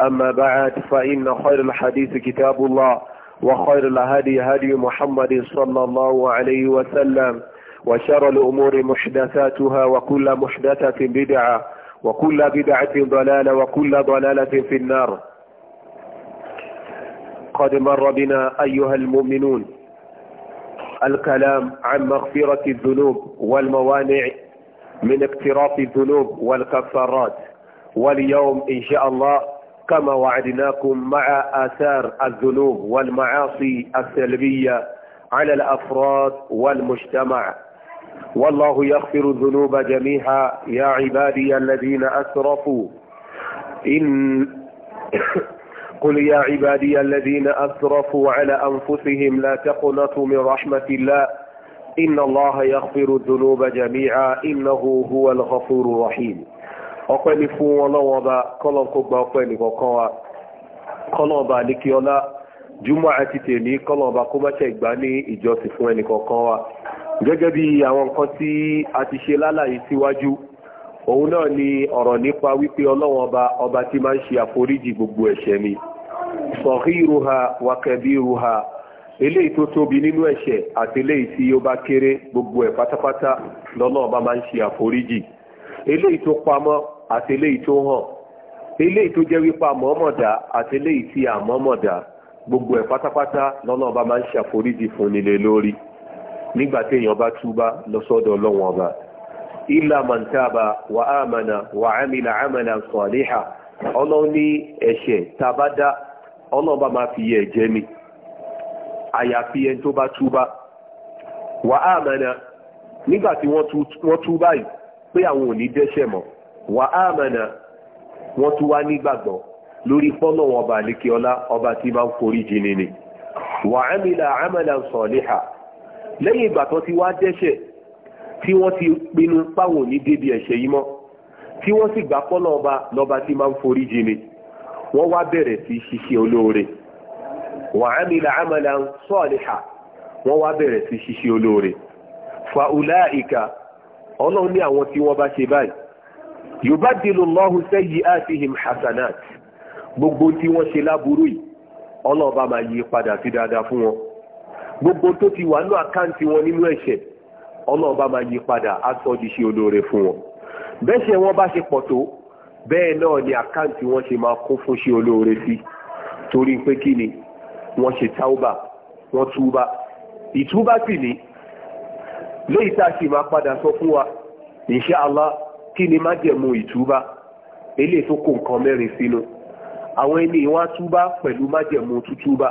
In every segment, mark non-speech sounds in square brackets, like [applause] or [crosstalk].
أما بعد فإن خير الحديث كتاب الله وخير الهدي هدي محمد صلى الله عليه وسلم وشر الأمور محدثاتها وكل محدثة بدعة وكل بدعة ضلالة وكل ضلالة في النار قد مر بنا أيها المؤمنون الكلام عن مغفرة الذنوب والموانع من اقتراف الذنوب والكفارات واليوم إن شاء الله كما وعدناكم مع آثار الذنوب والمعاصي السلبية على الأفراد والمجتمع والله يغفر الذنوب جميعا يا عبادي الذين أسرفوا إن [coughs] قل يا عبادي الذين أسرفوا على أنفسهم لا تقنطوا من رحمة الله إن الله يغفر الذنوب جميعا إنه هو الغفور الرحيم ọpẹ́ ni fún ọba kọ́lọ́n kó gba ọpẹ́ wa ọba àlékí ọlá júmọ́ àti tèmi ọba kó mọ́ṣẹ́ ìgbà ní fún ẹnìkan wa gẹ́gẹ́ bí àwọn nǹkan tí a ti ṣe lálàyé síwájú òun náà ni ọ̀rọ̀ nípa wípé ọlọ́wọ́n ọba ọba ti máa ń ṣe gbogbo ẹ̀ṣẹ̀ mi eléyìí tó pamọ́ àti eléyìí tó hàn eléyìí tó jẹ́ wípé àmọ́mọ̀dá àti eléyìí tí àmọ́mọ̀dá gbogbo ẹ̀ pátápátá lọ́nà ọba máa ń ṣàforíjì fún nílé lórí nígbà tí èèyàn bá túbá lọ sọ́dọ̀ ọlọ́wọ́n ọba illa man taba wa amana wa amila amalan saliha ọlọ́run ní ẹ̀ṣẹ̀ tá a bá dá ọlọ́run bá máa fi yẹ ẹ̀jẹ̀ mi àyàfi ẹni tó bá túbá wa amana nígbà tí wọ́n tú báyìí pé àwọn ò ní dẹ́ṣẹ̀ mọ́ wa á wọ́n tún wá nígbàgbọ́ lórí fọ́nà ọba àlékè ọlá ọba tí máa ń forí jìnnì ni wà á àmàlà sọ̀líhà lẹ́yìn ìgbà ti wá dẹ́ṣẹ̀ tí wọ́n ti pinnu Páwò ní débi ẹ̀ṣẹ̀ yìí mọ́ tí wọ́n sì gbà fọ́nà ọba n'ọba tí máa ń forí jìnnì wọ́n wá bẹ̀rẹ̀ sí ṣiṣẹ́ wà sí ṣiṣẹ́ olóore fa ọlọ́run wọ́n bá ṣe yubadilu llahu sayyi'atihim hasanat gbogbo tí wọ́n ṣe láburú yìí ọlọ́ọ̀bá máa yí padà sí dáadáa fún wọn gbogbo tó ti wà nínú àkáǹtì wọn nínú ẹ̀ṣẹ̀ ọlọ́ọ̀bá máa yí padà á sọ di ṣe olóore fún wọn bẹ́ẹ̀ ṣe wọ́n bá ṣe pọ̀ tó bẹ́ẹ̀ náà ni àkáǹtì wọn ṣe máa kún fún ṣe olóore sí torí pé kí ni wọ́n ṣe táúbà wọ́n túbà ìtúbà sì ni léyìí tá a sì máa padà sọ fún wa insha Allah kí ni májẹ̀mú ìtúbá eléyìí tó kó nǹkan mẹ́rin sínú àwọn ẹni ìwọ̀n atúbá pẹ̀lú májẹ̀mú tútúbá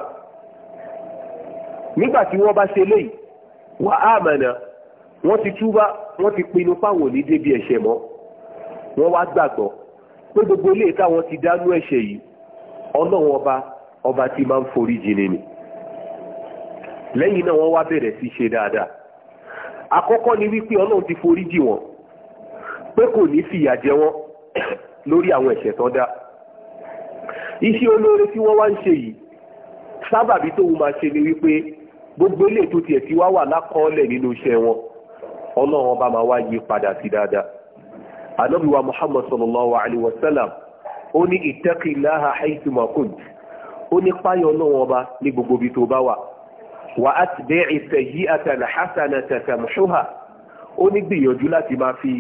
nígbà tí wọ́n bá ṣe léyìí wà á mọ̀nà wọ́n ti túbá wọ́n ti pinnu páwọn ní débi ẹ̀ṣẹ̀ mọ́ wọ́n wá gbàgbọ́ pé gbogbo eléyìí táwọn ti dánú ẹ̀ṣẹ̀ yìí ọlọ́wọ́n ọba ọba tí máa ń forí jìnnì ni lẹ́yìn náà wọ́n wá bẹ̀rẹ̀ sí ṣe dáadáa àkọ́kọ́ ni wípé ọlọ́run ti forí jì wọ́n pé kò ní fìyà jẹ lori [coughs] lórí àwọn ẹ̀ṣẹ̀ tán dá iṣẹ́ olóore tí wọ́n wá ń ṣe yìí sábàbí tó wù máa ṣe ni wípé gbogbo ilé tó tiẹ̀ ti wá wà lákọọ́lẹ̀ nínú iṣẹ́ wọn ọlọ́run ọba máa wá yí padà sí dáadáa ànábì muhammad sallallahu alayhi wa sallam ó ní ittaqillaha haythuma kunt ó ní páyọ̀ ọlọ́run ọba ní gbogbo ibi tó bá wà ó ní gbìyànjú láti máa fi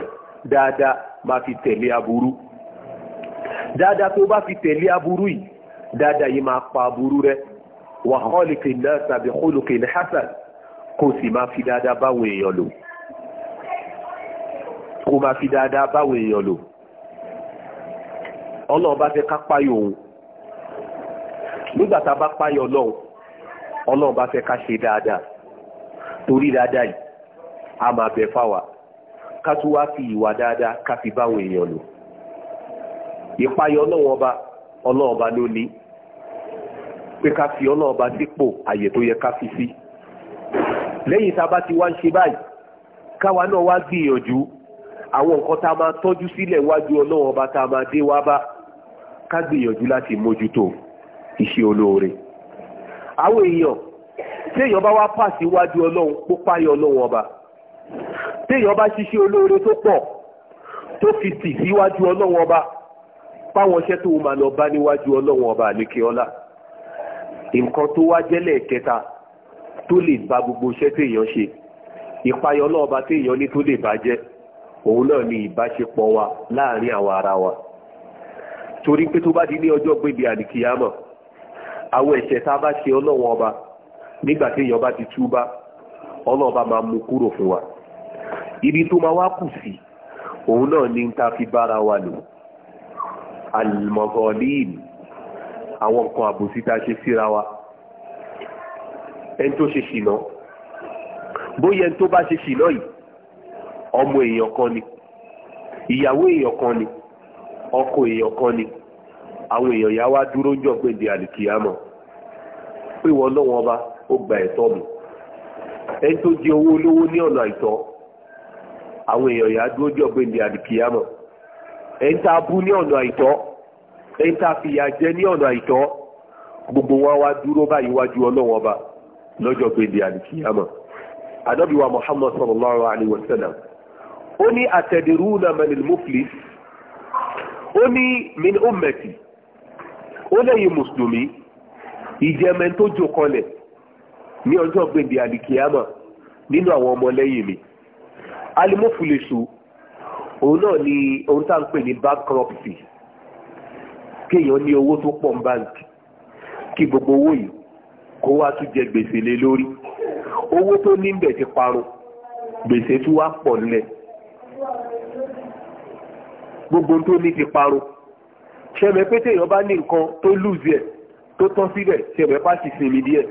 [clears throat] dáadáa máa fi tẹ̀lé aburú dáadáa tó bá fi tẹ̀lé aburú yìí dáadáa yìí máa pa aburú rẹ wà khaliqi nnasa bi khuluqin hasan kó sì máa fi dáadáa báwọn èèyàn lò kó máa fi dáadáa báwọn èèyàn lò ọlọ́run bá fẹ́ ká páyọ̀ òun nígbà tá a bá páyọ̀ ọlọ́run ọlọ́run bá fẹ́ ká ṣe dáadáa torí dáadáa yìí a máa bẹ fáwa ká tún wá fi ìwà dáadáa ká fi báwọn èèyàn lò ìpayọ ọlọ́wọ́n ọba ọlọ́wọ́n ọba ló ní pé ká fi ọlọ́wọ́n ọba sípò àyè tó yẹ ká fi sí lẹ́yìn tá a bá ti wá ń ṣe báyìí káwa náà wá gbìyànjú àwọn nǹkan tá a máa tọ́jú sílẹ̀ wájú ọlọ́wọ́n ọba tá a máa dé wá bá ká gbìyànjú láti mójútó iṣẹ́ olóore àwọn èèyàn tí èèyàn bá wá pàṣẹ wájú ọlọ́run pópáyọ ọlọ́wọ́n ọba téèyàn bá ṣiṣẹ́ olóore tó pọ̀ tó fi tì síwájú ọlọ́wọ́n ọba páwọn iṣẹ́ tó máa lọ bá níwájú ọlọ́wọ́n ọba àlékè ọlá nǹkan tó wá jẹ́lẹ̀ kẹta tó lè ba gbogbo iṣẹ́ téèyàn ṣe ìpayọ̀ ọlọ́wọ́n ọba téèyàn ní tó lè bàjẹ́ òun náà ni ìbáṣepọ̀ wa láàrin àwọn ara wa torí pé tó bá di ní ọjọ́ gbébi àlìkìyàmọ̀ àwọn ẹ̀ṣẹ̀ tá a bá ṣe ọlọ́wọ́n ọba nígbà téèyàn bá ti túbá ọlọ́ọ̀bá máa mú kúrò fún wa ibi tó ma wá kù sí òun náà ni ta fi bára wa lò almọ̀gọ́lìn àwọn nǹkan àbòsí tá ṣe síra wa ẹni tó ṣe ṣìnà bóyá ẹni tó bá ṣe ṣìnà yìí ọmọ èèyàn kan ni ìyàwó èèyàn kan ni ọkọ èèyàn kan ni àwọn èèyàn yà wá dúró jọ pé di àlìkìyàmọ pé wọn náà wọn bá ó gba ẹ̀tọ́ mi ẹni tó jẹ owó olówó ní ọ̀nà àìtọ́ àwọn èèyàn yà á dúró jọ gbé ní ẹni tá a bú ní ọ̀nà àìtọ́ ẹni tá a jẹ ní ọ̀nà àìtọ́ gbogbo ọba lọ́jọ́ ní wa sallallahu alayhi wa sallam ó ní atadruna manil muflis ó ní min ó lẹ́yìn mùsùlùmí kọlẹ̀ ní ọjọ́ gbèdé àdìkìyàmọ̀ nínú àwọn ọmọlẹ́yìn mi. alimofulesu òun náà ni ohun tá à ń pè ní bankruptcy kéèyàn ní owó tó pọ̀ ní báńkì kí gbogbo owó yìí kó wá tún jẹ gbèsè lé lórí owó tó ní bẹ̀ ti parun gbèsè tún wá pọ̀ nílẹ̀ gbogbo tó ní ti parun ṣẹ̀mẹ̀ pé téèyàn bá ní nǹkan tó lùzì ẹ̀ tó tán síbẹ̀ ṣẹ̀mẹ̀ pàṣẹ sinmi díẹ̀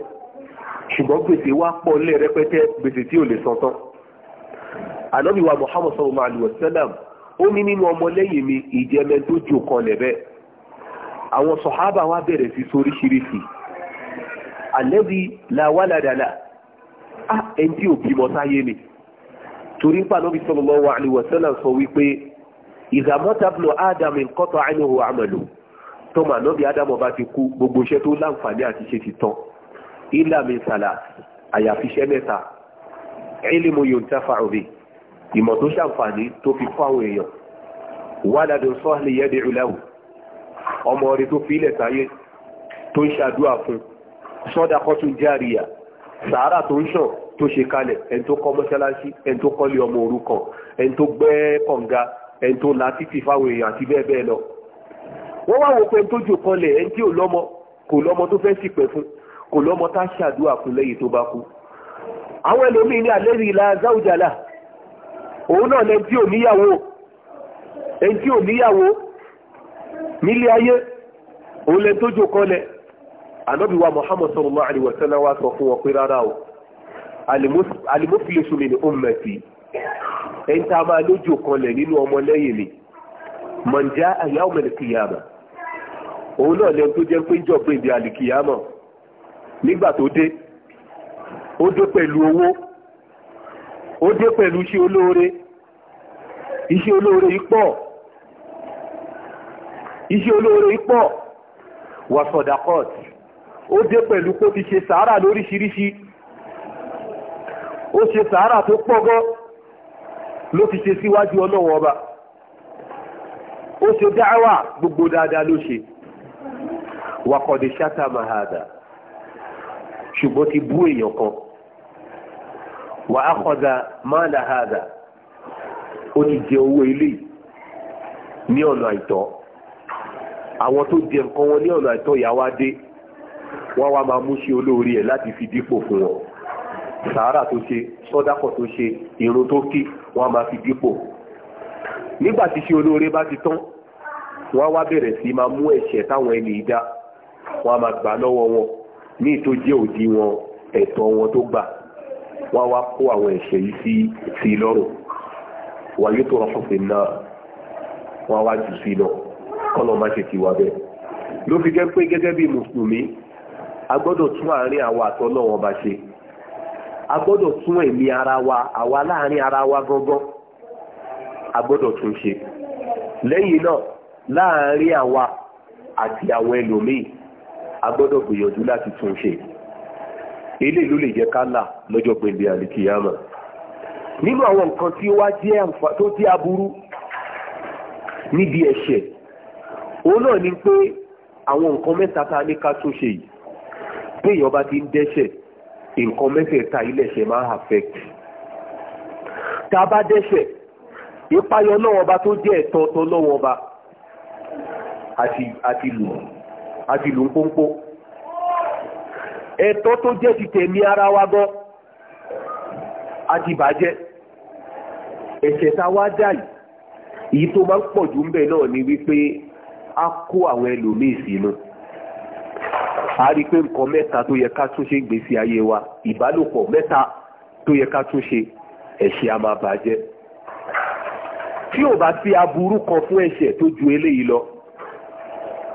ṣùgbọ́n gbèsè wá pọ̀ nílẹ̀ rẹpẹtẹ gbèsè tí ò lè san tán ànábì wa muhammad sallallahu alayhi wa sallam ó ní nínú ọmọlẹ́yìn mi ìjẹ́mẹ́ tó jò kan lẹ́bẹ̀ àwọn sọ̀hábà wa bẹ̀rẹ̀ sí soríṣiríṣi àlẹ́bí làwálàdàlà ah ẹni tí ò bímọ sáyé ni torí ń pa ànábì sallallahu alayhi wa sallam sọ wípé ìdààmọ́ta bùnú adam nǹkọ́tọ̀ àìníhù àmàlù tọ́mọ ànábì adam ọba ti kú gbogbo iṣẹ́ tó láǹfààní àti ṣe ti tán ilà mi sàlà àyàfi iṣẹ́ mẹ́ta ilé mo yòó ń tẹ́fà òbí ìmọ̀ tó ṣàǹfààní tó fi fún àwọn èèyàn waladun salih yad'u lahu ọmọ rẹ̀ tó fi ilẹ̀ sáyé tó ń ṣàdúrà fún sadaqatun jariyah sàárà tó ń ṣàn tó ṣe kalẹ̀ ẹni tó kọ́ mọ́ṣáláṣí ẹni tó kọ́lé ọmọ òrukàn ẹni tó gbẹ́ kànga ẹni tó la títì fáwọn èèyàn àti bẹ́ẹ̀ bẹ́ẹ̀ lọ wọ́n wá wò pé la záwùjálà òun náà lẹ́ni tí ò níyàwó ẹni tí ò níyàwó nílé ayé òun lẹ́ni tó jò kọ́lẹ̀ wa Muhammad sallallahu alaihi wa sallam wa sọ fún wọn pé rárá o alimufilisu mi ni ummati ẹni tá a máa lójò kọ́lẹ̀ nínú ọmọ lẹ́yìn mi mọ̀njá àyà ọmọ ìkìyàmà òun náà lẹ́ni tó jẹ́ pé ń jọ ìdí àlìkìyàmà nígbà tó dé ó dé pẹ̀lú owó ó dé pẹ̀lú ṣe olóore iṣẹ́ olóore pọ̀ iṣẹ́ olóore pọ̀ wà ó dé pẹ̀lú kó ti ṣe sàárà lóríṣiríṣi ó ṣe sàárà tó pọ̀ ló ti ṣe síwájú ọlọ́wọ́ ọba ó ṣe dáwà gbogbo dáadáa ló ṣe wakọ̀dé ṣátà mahada ṣùgbọ́n ti bú èèyàn kan ó ti jẹ owó ilé ní ọ̀nà àìtọ́ àwọn tó jẹ nǹkan wọn ní ọ̀nà àìtọ́ ìyá wa dé wọ́n wá máa mú ṣe olóore ẹ̀ láti fi dípò fún wọn sàárà tó ṣe sọ́dákọ̀ tó ṣe ìrun tó kí wọ́n máa fi dípò nígbà tí ṣe olóore bá ti tán wọ́n wá bẹ̀rẹ̀ sí máa mú ẹ̀ṣẹ̀ táwọn ẹni ìdá wọ́n máa gbà lọ́wọ́ wọn ní ìtó jẹ́ òdi wọn ẹ̀tọ́ wọn tó gbà wọ́n wá kó àwọn ẹ̀ṣẹ̀ yìí sí lọ́rùn wàyó tó rọ̀ṣùn fún náà wọ́n wá jù sí iná kọ́nà má ṣe tiwa bẹ́ẹ̀ ló fi jẹ́ pé gẹ́gẹ́ bí mùsùlùmí a gbọ́dọ̀ tún àárín àwa àtọ́ náà wọn bá ṣe a gbọ́dọ̀ tún ẹ̀mí ara wa àwa láàárín ara wa gangan a gbọ́dọ̀ tún ṣe lẹ́yìn náà láàárín àwa àti àwọn ẹlòmíì a gbọ́dọ̀ gbìyànjú láti tún ṣe eléyìí ló lè jẹ́ ká là lọ́jọ́ gbèndé àlìkìyàmọ̀ nínú àwọn nǹkan tí ó wá jẹ́ tó jẹ́ aburú níbi ẹ̀ṣẹ̀ òun náà ni pé àwọn nǹkan mẹ́ta tá a ní ká tún ṣe yìí téèyàn bá ti ń dẹ́ṣẹ̀ nǹkan mẹ́tẹ̀ẹ̀ta iléeṣẹ́ máa affect tá a bá dẹ́ṣẹ̀ ìpayọ lọ́wọ́ ọba tó jẹ́ ẹ̀tọ́ ọ̀tọ́ lọ́wọ́ ọba àti lù àti lù ń pọ́npọ́ ẹ̀tọ́ tó jẹ́ ti tẹ̀mí ara wa gan àti bàjẹ́ ẹ̀ṣẹ̀ tá a wá dá yìí èyí tó máa ń pọ̀ jù ń bẹ̀ náà ni wípé a kó àwọn ẹlòmíì sínú a rí i pé nǹkan mẹ́ta tó yẹ ká tún gbèsè ayé wa ìbálòpọ̀ mẹ́ta tó yẹ ká tún ṣe ẹ̀ṣẹ̀ a máa bàjẹ́ tí ò bá sí aburú kan fún ẹ̀ṣẹ̀ tó ju eléyìí lọ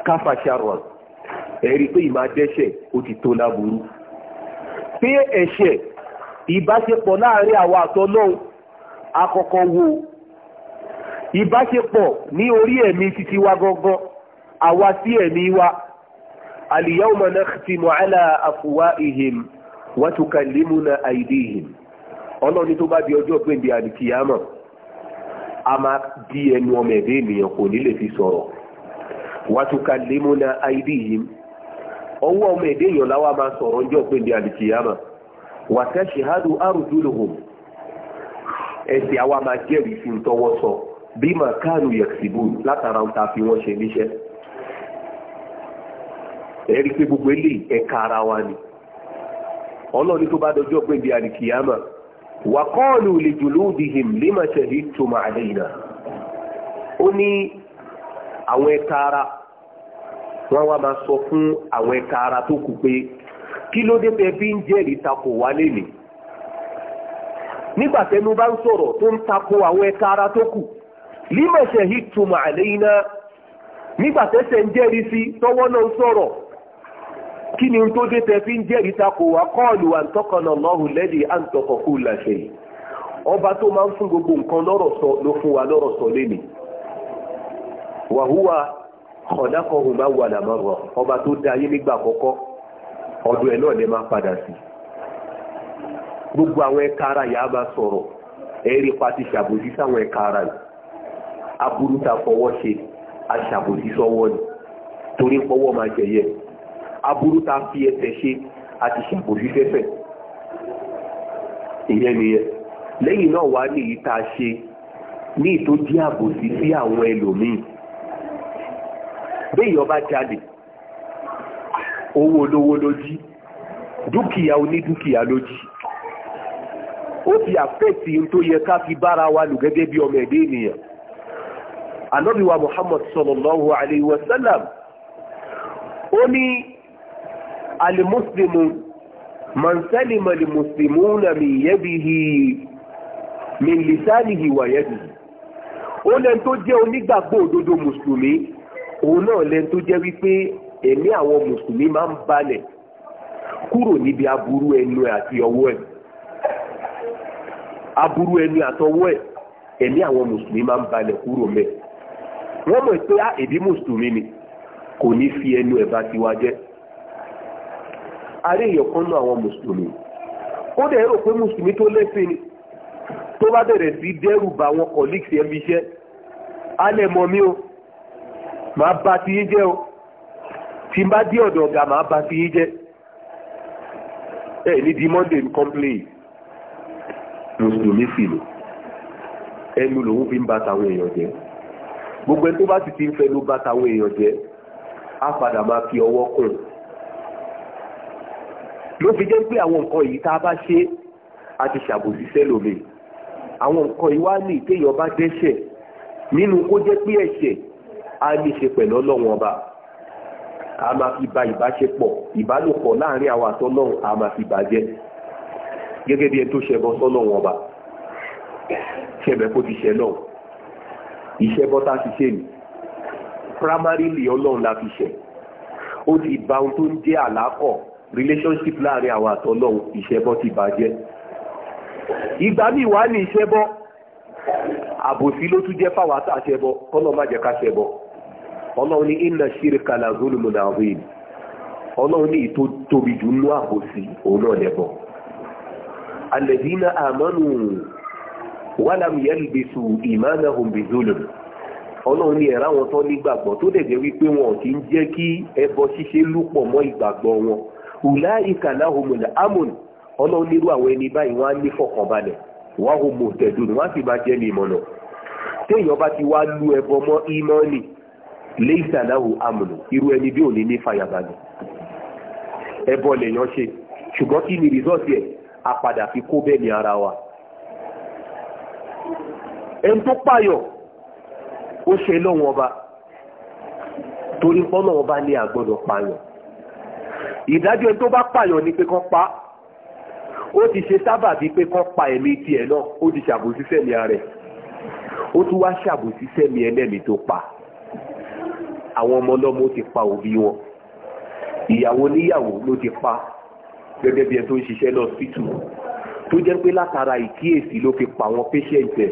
káfàṣàrọ̀ ẹ̀rí pé ìmá dẹ́ṣẹ̀ ó ti tó láburú pé ẹ̀ṣẹ̀ ìbáṣepọ̀ láàrin àwa àtọ́lọ́hun akọ́kọ́ wo ìbáṣepọ̀ ní orí ẹ̀mí títí wa gangan àwa sí ẹ̀mí wa al-yawma nakhtimu ala afwahihim wa tukallimuna aydihim ọlọ́ni tó bá di ọjọ́ gbèǹde àdìkìyàmọ̀ a máa di ẹnu ọmọ ẹ̀dẹ́ ènìyàn kò ní fi sọ̀rọ̀ wa tukallimuna aydihim ọwọ́ ọmọ ẹ̀dẹ́ èèyàn láwa máa sọ̀rọ̀ ọjọ́ gbèǹde àdìkìyàmọ̀ wa tashhadu arjuluhum ẹsẹ̀ àwa máa jẹ́rìí sí tọwọ́ sọ bí mà káàlù yẹ̀sìbù látara ń ta fi wọ́n ṣe níṣẹ́ ẹ̀rí pé gbogbo ilé ẹ̀ka ara wa ni ọlọ́ni tó bá dọjọ́ pé bí alìkìyàmà wà kọ́ọ̀lù lè jùlọ dìhìm lima ṣẹ̀dí tó máa lè yìnà ó ní àwọn ẹ̀ka ara wọ́n wá máa sọ fún àwọn ẹ̀ka ara tó kù pé kí ló dé tẹ́ bí ń jẹ́rìí takò wá lélẹ̀ẹ́ nígbà tẹnu bá ń sọ̀rọ̀ tó ń tako àwọn ẹ̀ka ara tó kù lima shahidtum alayna nígbà tẹ́sẹ̀ ń jẹ́rìí sí tọ́wọ́ náà ń sọ̀rọ̀ kí ni tó dé tẹ́ fi ń jẹ́rìí tako wa qalu antaqana Allahu alladhi antaqa kulla shay ọba tó máa ń fún gbogbo nǹkan lọ́rọ̀ sọ ló fún wa lọ́rọ̀ sọ lẹ́nu wa huwa khalaqahum awwala marra ọba tó dá ayé nígbà àkọ́kọ́ ọ̀dọ̀ ẹ̀ náà lè máa padà sí gbogbo àwọn ẹ̀ka ara yà á sọ̀rọ̀ ẹ̀rí pati ṣàbòsí sáwọn ẹ̀ka ara yìí aburú ta fọwọ́ ṣe aṣàbòsí sọ́wọ́ ni torí pọ́wọ́ máa jẹyẹ aburú ta fi ẹsẹ̀ ṣe àti ṣàbòsí fẹ́fẹ́ ìyẹn nìyẹn lẹ́yìn náà wá ní èyí tá a ṣe ní ìtòjí àbòsí sí àwọn ẹlòmíì béèyàn bá jalè owó olówó ló jí dúkìá onídúkìá ló jí ó ti àfẹ́tì tó yẹ ká fi bára wa lò gẹ́gẹ́ bí ọmọ ẹ̀dẹ́ ènìyàn ànábì muhammad sallallahu alayhi wa sallam ó ní alimuslimu mansalima alimuslimu na min yadihi min lisanihi wa yadihi ó lẹ́n tó jẹ́ onígbàgbọ́ òdodo mùsùlùmí òun náà lẹ́n tó jẹ́ wípé ẹ̀mí àwọn mùsùlùmí máa ń balẹ̀ kúrò níbi aburú ẹnu àti ọwọ́ ẹ̀ aburú ẹni àtọwọ́ ẹ̀ ẹ̀mí àwọn mùsùlùmí máa ń balẹ̀ kúrò mẹ́ wọ́n mọ̀ pé á ah, èdè mùsùlùmí ni kò ní fi ẹnu ẹ̀ bá tiwa jẹ́ aré èèyàn kan àwọn mùsùlùmí ó dẹ̀ rò pé mùsùlùmí tó lẹ́sìn ni tó bá bẹ̀rẹ̀ sí dẹ́rù bá àwọn colleagues ẹ̀ fi iṣẹ́ alẹ́ mọ́ mi o màá bà ti yín jẹ́ o tí n bá dé ọ̀dọ̀ ọ̀gá màá bà ti yín jẹ́ ẹ̀ ní di monday complain mùsùlùmí sì lò ẹnu lòun fi ń ba tàwọn èèyàn jẹ gbogbo ẹni tó bá sì ti ń fẹnu ba tàwọn èèyàn jẹ á padà máa fi ọwọ́ kùn ló fi jẹ́ pé àwọn nǹkan yìí tá a bá ṣe a ti ṣàbòsí sẹ́lòmí àwọn nǹkan yìí wá ní ìkéyàn bá dẹ́ṣẹ̀ nínú kó jẹ́ pé ẹ̀ṣẹ̀ a ní ṣe pẹ̀lú ọlọ́run ọba a máa fi ba ìbáṣepọ̀ ìbálòpọ̀ láàrin àwọn àtọ́lọ́run a máa fi bàjẹ́ gẹ́gẹ́ bí ẹni tó ṣẹbọ sọ́nà wọn ọba ṣẹbẹ̀ kó ti ṣẹ náà ìṣẹbọ tá a ti ṣe ni primarily ọlọ́run la fi ṣẹ ó ti ba ohun tó ń jẹ́ àlákọ̀ relationship láàrin àwọn àtọ́lọ́run ìṣẹbọ ti bàjẹ́ ìgbà míì wá ní ìṣẹbọ àbòsí ló tún jẹ́ fáwọn àtàṣẹbọ kọ́nà má jẹ́ ká ṣẹbọ ọlọ́run ní inna shirka la zulmun azim ọlọ́run ní ìtó tóbi jù nú àbòsí òun náà lẹ́bọ̀ọ́ alẹ́dínà àmọ́nù wàlámù yẹ́lìbẹ̀sù ìmánahùn bìzúlùm ọlọ́run ní ẹ̀rá wọn tán nígbàgbọ́ tó dẹ̀ jẹ́ wípé wọn kì í jẹ́ kí ẹbọ ṣíṣe lúpọ̀ mọ́ ìgbàgbọ́ wọn ùlá ìkàláhùn amùn ọlọ́run nírú àwọn ẹni báyìí wọ́n á ní fọkànbalẹ̀ wọ́n á hùn mọ̀tẹ́dùn wọ́n á sì máa jẹ́ ní ìmọ̀nà téèyàn bá ti wá lu ẹbọ mọ́ ìmọ̀ọ́nì irú ẹni bí òní ní ẹbọ lèèyàn ṣe ṣùgbọ́n kí ni a padà fi kó bẹ́ẹ̀ ní ara wa ẹni tó pààyọ̀ ó ṣe lọ́wọ́ ọba torí pọ́nà ọba ní àgbọ̀dọ̀ pààyàn ìdájọ́ ẹni tó bá pààyàn ni pé kán pa ó ti ṣe sábà bíi pé kán pa ẹ̀mí tiẹ̀ náà ó ti ṣàbòsí sẹ́mi rẹ̀ ó tún wá ṣàbòsí sẹ́mi ẹlẹ́mìí tó pa àwọn ọmọ ọlọ́mọ ó ti pa òbí wọn ìyàwó níyàwó ló ti pa gẹ́gẹ́ bí ẹ tó ń ṣiṣẹ́ lọ síìtù tó jẹ́ pé látara ìkíyèsí ló fi pa àwọn patient ẹ̀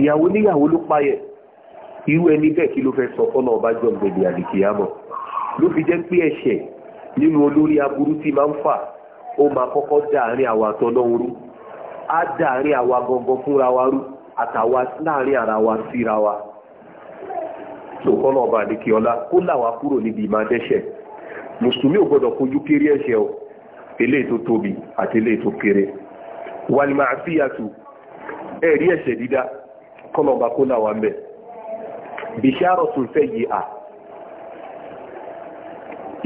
ìyàwó níyàwó ló payẹ̀ irú ẹni bẹ́ẹ̀ kí ló fẹ́ sọ fọ́nà ọba jọ gbẹ̀dẹ̀ àdìkìyàmọ̀ ló fi jẹ́ pé ẹ̀ṣẹ̀ nínú olórí aburú tí máa ń fà ó máa kọ́kọ́ dàárín àwa àtọ́lọ́run rú á dàárín àwa gangan fúnra wa rú àtàwa láàrin ara wa síra wa sòkọ́nà ọba àdìkìyọ́lá kó làwa kúrò níbi ìmọ̀ adẹ́ṣẹ̀ mùsùlùmí ò gbọ́dọ̀ kojú kéré ẹ̀ṣẹ̀ o eléyìí tó tóbi àti eléyìí tó kéré wàlìmọ̀ àfíyàtù ẹ̀rí ẹ̀ṣẹ̀ dídá kọlọ̀ọ̀bà kó láwà mẹ́ bìṣàrọ̀ tún fẹ́ yìí à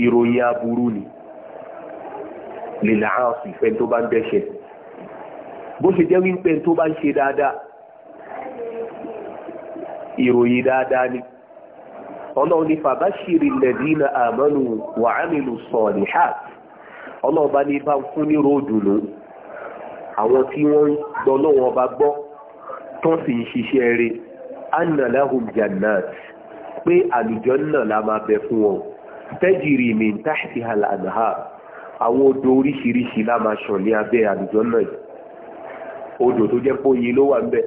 ìròyìn aburú ni lèlà áàsì fẹ́ tó bá ń dẹ́ṣẹ̀ ìròyìn dáadáa ni ọlọ́run ní lẹ́dínà àmọ́nù wàhánìlù sọ̀rìhàtì ọlọ́run bá ní bá ń fún ní ròdù nù àwọn tí wọ́n ń gbọ́ lọ́wọ́ bá gbọ́ tó sì ń ṣiṣẹ́ rẹ̀ anna jannat pé àlùjànnà la máa bẹ fún wọn tajri min tahtiha al-anhar àwọn odò oríṣiríṣi la máa ṣàn ní abẹ́ àlùjànnà yìí odò tó jẹ́ pé oyin ló wà ń bẹ̀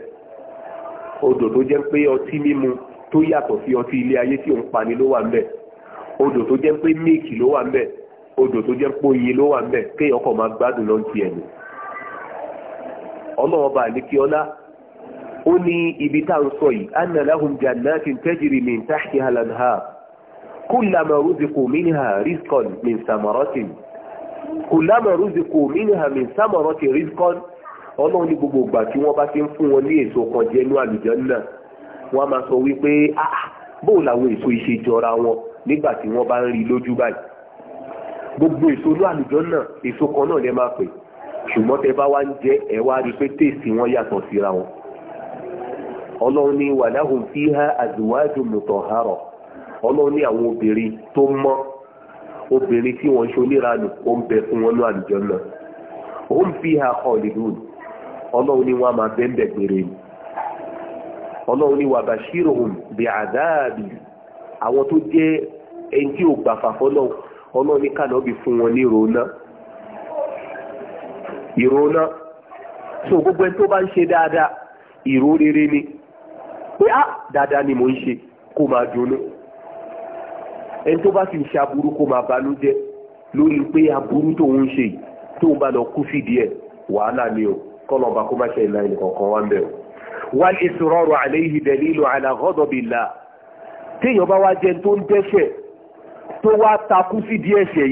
odò tó jẹ́ pé ọtí mímu tó yàtọ̀ sí ọtí ilé ayé tí ò ń pani ló wà ń odò tó jẹ́ pé méèkì ló wà ń odò tó jẹ́ pé oyin ló wà ń bẹ̀ kéèyàn kàn máa gbádùn lọ́n ti ẹ̀mí ọlọ́wọ́ bá àlékí ọlá ó ní ibi tá ń sọ yìí min tahtiha al-anhar kullama ruziqu minha rizqan min samaratin min samaratin rizqan ọlọ́run ní gbogbo ìgbà tí wọ́n bá ti ń fún wọn ní èso kan ní wọ́n á sọ wípé ah, ah bóò làwọn èso wọn nígbà tí wọ́n gbogbo èso ló àlùjọ náà èso kan náà lè máa pè ṣùgbọ́n tẹ bá wá ń jẹ ẹ wá rí pé téèsì wọn yàtọ̀ síra wọn. ọlọ́run ní wàláhùn fiha azwajun mutahhara ọlọ́run ní àwọn obìnrin tó mọ́ obìnrin tí wọ́n ń ṣoníranù ó ń bẹ fún wọn ní àlùjọ náà ó ń fiha khalidun ọlọ́run ní wọn máa bẹ́ńbẹ̀ gbére ni ọlọ́run ní wabashiruhum bi'adhabi àwọn tó jẹ́ ẹni tí ò gbàfà fọlọ́run ọlọ́run ní kànáà bí fún wọn ní ìrònà ìrònà so gbogbo ẹni tó bá ń ṣe dáadáa ìró rere ni pé á ah, dáadáa ni mò ń ṣe kó máa dunnú ẹni tó bá sì ń ṣe aburú kó máa banújẹ́ lórí pé aburú tóun ń ṣe tóun bá lọ kú fìdí ẹ̀ wàhálà ni o kọlọ ọba kó má ṣe ìlànà ìkọ̀ọ̀kan wá ń bẹ̀rù wal israru alayhi dalilu ala ghadabillah téèyàn bá wá jẹ́ tó ń dẹ́ṣẹ̀ tó wá takú sídìí ẹ̀ṣẹ̀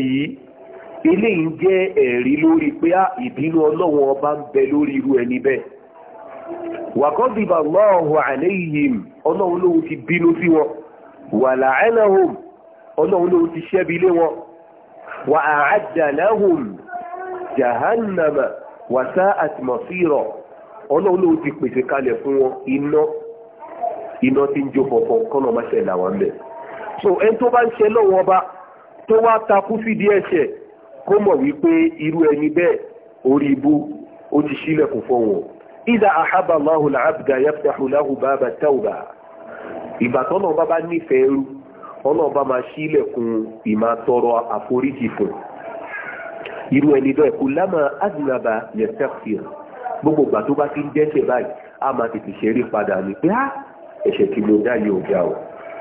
yìí jẹ́ ẹ̀rí lórí pé ah, ìbínú ọlọ́run ọba ń bẹ lórí irú ẹni bẹ́ẹ̀ wàkọ́dìbà lọ́ọ̀hùn àléyìn ọlọ́run lóhun ti bínú sí wọn wà ọlọ́run lóhun ti ṣẹ́bi lé wọn wà àádàláhùn jahannama wà sá ọlọ́run lóhun ti pèsè kalẹ̀ fún wọn iná iná ti ń jó kọ́nà so ẹni tó bá ń ṣe lọ́wọ́ ọba tó wá takú fìdí ẹ̀ṣẹ̀ kó mọ̀ wípé irú ẹni bẹ́ẹ̀ orí ibú ó ti ṣílẹ̀kùn fọwọ́ ìdá àhábà láhùn làábìdá yaftahu láhùn bàbá tawba ìbátan náà bá bá nífẹ̀ẹ́ rú ọlọ́ọ̀bá máa ṣílẹ̀kùn ìmá tọrọ àforíjì fún irú ẹni bẹ́ẹ̀ kú lámà azinaba yastaghfir gbogbo ìgbà tó bá ti ń dẹ́ṣẹ̀ báyìí a máa tètè ṣeré padà ní pé á ah, ẹ̀ṣẹ̀ tí mo dá yóò ga o.